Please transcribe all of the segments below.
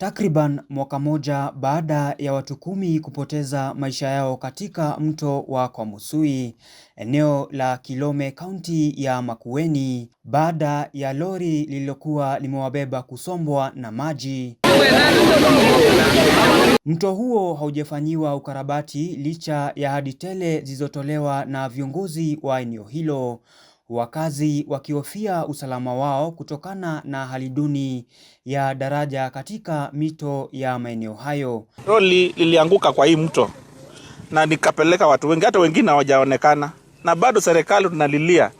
Takriban mwaka moja baada ya watu kumi kupoteza maisha yao katika mto wa kwamusui eneo la Kilome, kaunti ya Makueni, baada ya lori lililokuwa limewabeba kusombwa na maji. Mto huo haujafanyiwa ukarabati licha ya ahadi tele zilizotolewa na viongozi wa eneo hilo wakazi wakihofia usalama wao kutokana na hali duni ya daraja katika mito ya maeneo hayo. roli lilianguka kwa hii mto na nikapeleka watu wengi, hata wengine hawajaonekana, na bado serikali tunalilia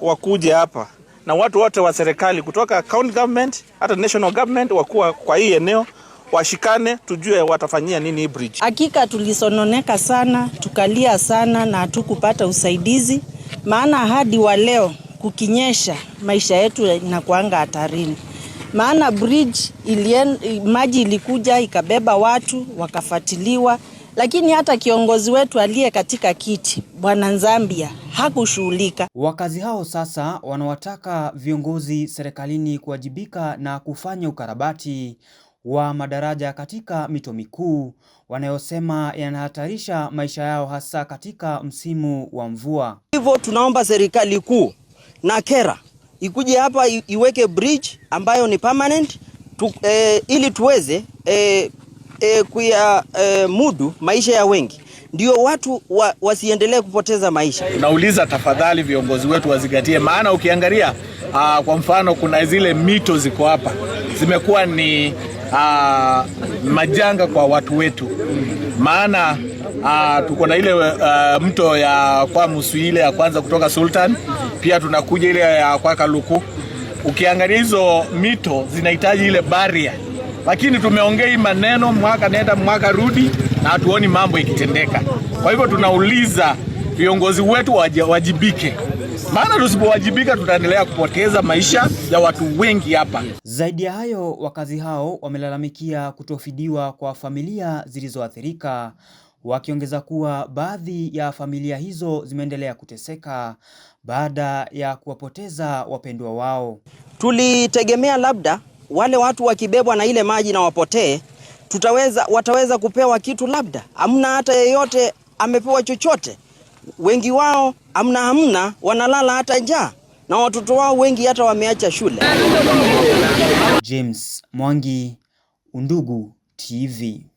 wakuje hapa na watu wote wa serikali kutoka county government hata national government wakuwa kwa hii eneo washikane, tujue watafanyia nini hii bridge. Hakika tulisononeka sana, tukalia sana na hatukupata usaidizi maana hadi wa leo kukinyesha, maisha yetu inakuanga hatarini, maana bridge ilien, maji ilikuja ikabeba watu wakafatiliwa, lakini hata kiongozi wetu aliye katika kiti Bwana Nzambia hakushughulika. Wakazi hao sasa wanawataka viongozi serikalini kuwajibika na kufanya ukarabati wa madaraja katika mito mikuu wanayosema yanahatarisha maisha yao hasa katika msimu wa mvua. Hivyo tunaomba serikali kuu na kera ikuje hapa iweke bridge ambayo ni permanent tu, e, ili tuweze e, e, kuya e, mudu maisha ya wengi ndio watu wa, wasiendelee kupoteza maisha. Tunauliza tafadhali viongozi wetu wazingatie, maana ukiangalia aa, ah, kwa mfano kuna zile mito ziko hapa zimekuwa ni uh, majanga kwa watu wetu, maana uh, tuko na ile uh, mto ya kwa ile ya kwanza kutoka Sultan, pia tunakuja ile ya kwa Kaluku. Ukiangalia hizo mito zinahitaji ile baria, lakini tumeongea hii maneno mwaka nenda mwaka rudi na hatuoni mambo ikitendeka. Kwa hivyo tunauliza viongozi wetu wajibike maana tusipowajibika tutaendelea kupoteza maisha ya watu wengi hapa. Zaidi ya hayo, wakazi hao wamelalamikia kutofidiwa kwa familia zilizoathirika, wakiongeza kuwa baadhi ya familia hizo zimeendelea kuteseka baada ya kuwapoteza wapendwa wao. Tulitegemea labda wale watu wakibebwa na ile maji na wapotee, tutaweza wataweza kupewa kitu labda, amna hata yeyote amepewa chochote wengi wao amna hamna, wanalala hata njaa na watoto wao wengi hata wameacha shule. James Mwangi, Undugu TV.